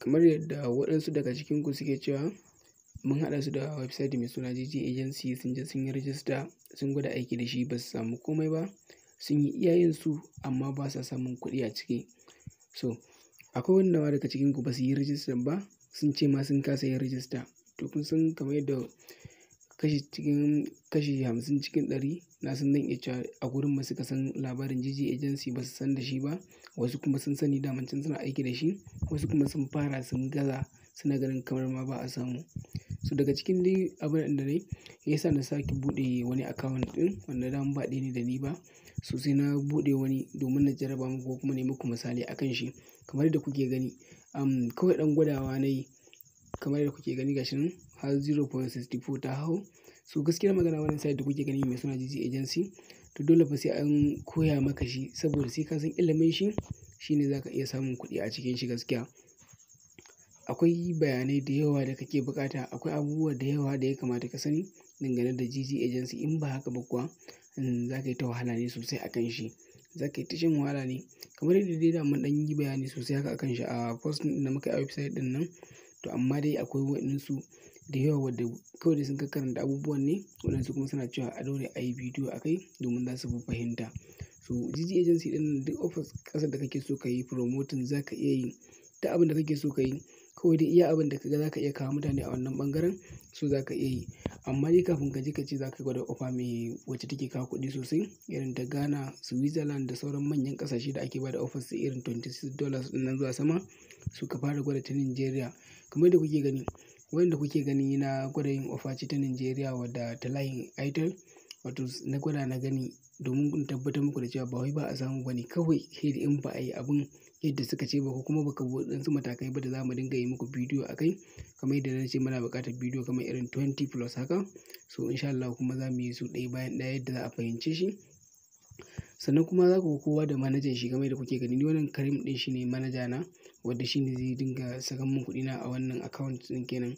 Kamar yadda waɗansu daga cikin ku suke cewa mun haɗa su da website mai suna GG Agency sun je sun yi rajista sun gwada aiki da shi ba su samu komai ba sun yi iyayen su amma ba sa samun kuɗi a ciki. So akwai wanda wa daga cikinku ba su yi rajista ba sun ce ma sun kasa yin rajista. To kun san kamar yadda kashi cikin kashi hamsin cikin ɗari na san dan iya a gurin masu suka san labarin jiji agency ba su san da shi ba wasu kuma sun sani daman can suna aiki da shi wasu kuma sun fara sun gaza suna ganin kamar ma ba a samu su daga cikin dai abin da ya sa na sake buɗe wani account ɗin wanda damu ba ɗaya ne da ni ba su sai na buɗe wani domin na jaraba muku ko kuma ne muku misali akan shi kamar da kuke gani kawai dan gwadawa na yi kamar yadda kuke gani gashi nan har 0.64 ta hau. So gaskiya magana wannan site da kuke gani mai suna GG Agency to dole fa sai an koya maka shi saboda sai ka san ilimin shi shine zaka iya samun kuɗi a cikin shi gaskiya. Akwai bayanai da yawa da kake buƙata, akwai abubuwa da yawa da ya kamata ka sani dangane da GG Agency in ba haka ba kuwa hmm, zaka yi ta wahala ne sosai akan shi. Za yi ta shan wahala ne kamar yadda dai da mun ɗan yi bayani sosai haka akan shi a post na da muka yi a website ɗin nan. To amma dai akwai waɗansu da yawa wadda kawai da sun karanta abubuwan ne waɗansu kuma suna cewa a daure ayi bidiyo a kai domin za su fi fahimta. So jiji agency ɗin duk ƙasar da kake so ka yi promoting za ka iya yi. Duk abin da kake so ka yi kawai dai iya abin da kaga za ka iya kawo mutane a wannan ɓangaren so za ka iya yi. Amma dai kafin ka je ka ce za ka gwada offer mai wacce take kawo kuɗi sosai irin ta Ghana, Switzerland da sauran manyan ƙasashe da ake bada ofis su irin $26 dollars dollars nan zuwa sama. su ka fara gwada ta Nigeria. Kamar yadda kuke gani, wanda kuke gani na gwada yin ofaci ta Najeriya wadda ta layin aitar Wato na gwada na gani domin in tabbatar muku da cewa ba wai ba a samu bane kawai sai in ba a yi abun yadda suka ce ba ko kuma baka wadansu matakai ba da za mu dinga yi muku bidiyo a kai. Kamar yadda na ce muna bukatar bidiyo kamar irin 20+ plus haka. So in sha Allah kuma za mu yi su ɗaya bayan ɗaya yadda za a fahimce shi. Sannan kuma za ku ga kowa da manajan shi game da kuke gani. Ni wannan Karim din shi ne manaja na wanda ne zai dinga saka mun na a wannan account din kenan.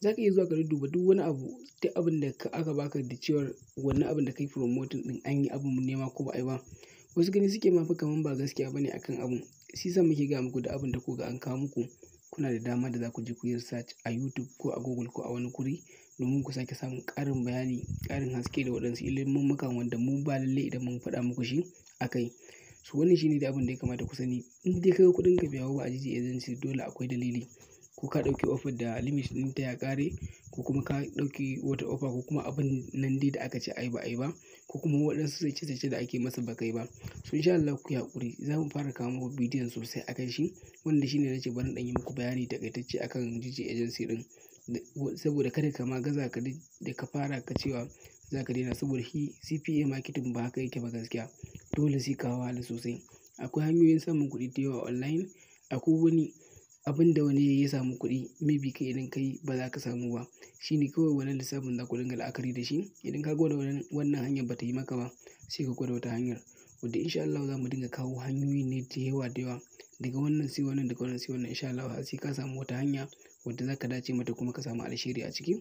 Za ka iya zuwa ka duba duk wani abu, duk abin da aka baka da cewar wannan abin da ka yi promoting din an yi abun ne ko ba a yi ba. Wasu gani suke ma fa kaman ba gaskiya bane akan abun. Shi yasa muke gaya muku da abin da kuka an kawo muku. Kuna da dama da za ku je ku yi research a YouTube ko a Google ko a wani guri. domin ku sake samun karin bayani, karin haske da waɗansu ilimummuka wanda mu ba lalle idan mun faɗa muku shi a kai. wani wannan shine da abin da ya kamata ku sani. In dai ka ga kuɗin ka biya ba a Jiji Agency dole akwai dalili. Ko ka ɗauki offer da limit ɗin ta ya ƙare ko kuma ka ɗauki wata offer ko kuma abin nan dai da aka ce ai ba ai ba ko kuma waɗansu sace-sace da ake masa ba kai ba. So insha Allah ku yi za mu fara kawo muku bidiyon sosai a kan shi wanda shine na ce bari in ɗan yi muku bayani taƙaitacce akan Jiji Agency ɗin. saboda kada ka ma gaza ka da ka fara ka cewa za ka daina saboda shi CPA marketing ba haka yake ba gaskiya. Dole sai ka wahala sosai. Akwai hanyoyin samun kuɗi da yawa online. Akwai wani abin da wani ya samu kuɗi maybe kai idan ka ba za ka samu ba. Shi ne kawai wannan lissafin za ku dinga la'akari da shi. Idan ka gwada wannan, hanyar ba ta yi maka ba sai ka gwada wata hanyar. Wadda in sha za mu dinga kawo hanyoyi ne da yawa da yawa. Daga wannan sai wannan, daga wannan sai wannan in sha sai ka samu wata hanya. wanda zaka dace mata kuma ka samu alheri a ciki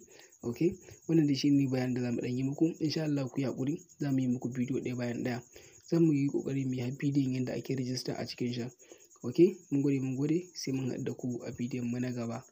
ok wannan dai shine bayanin da za mu ɗan yi muku insha Allah ku yaƙuri za mu yi muku bidiyo ɗaya bayan ɗaya za mu yi ƙoƙari mu yi bidiyon yadda ake rijista a cikin sha ok mun gode mun gode sai mun haɗu da ku a bidiyon mu na gaba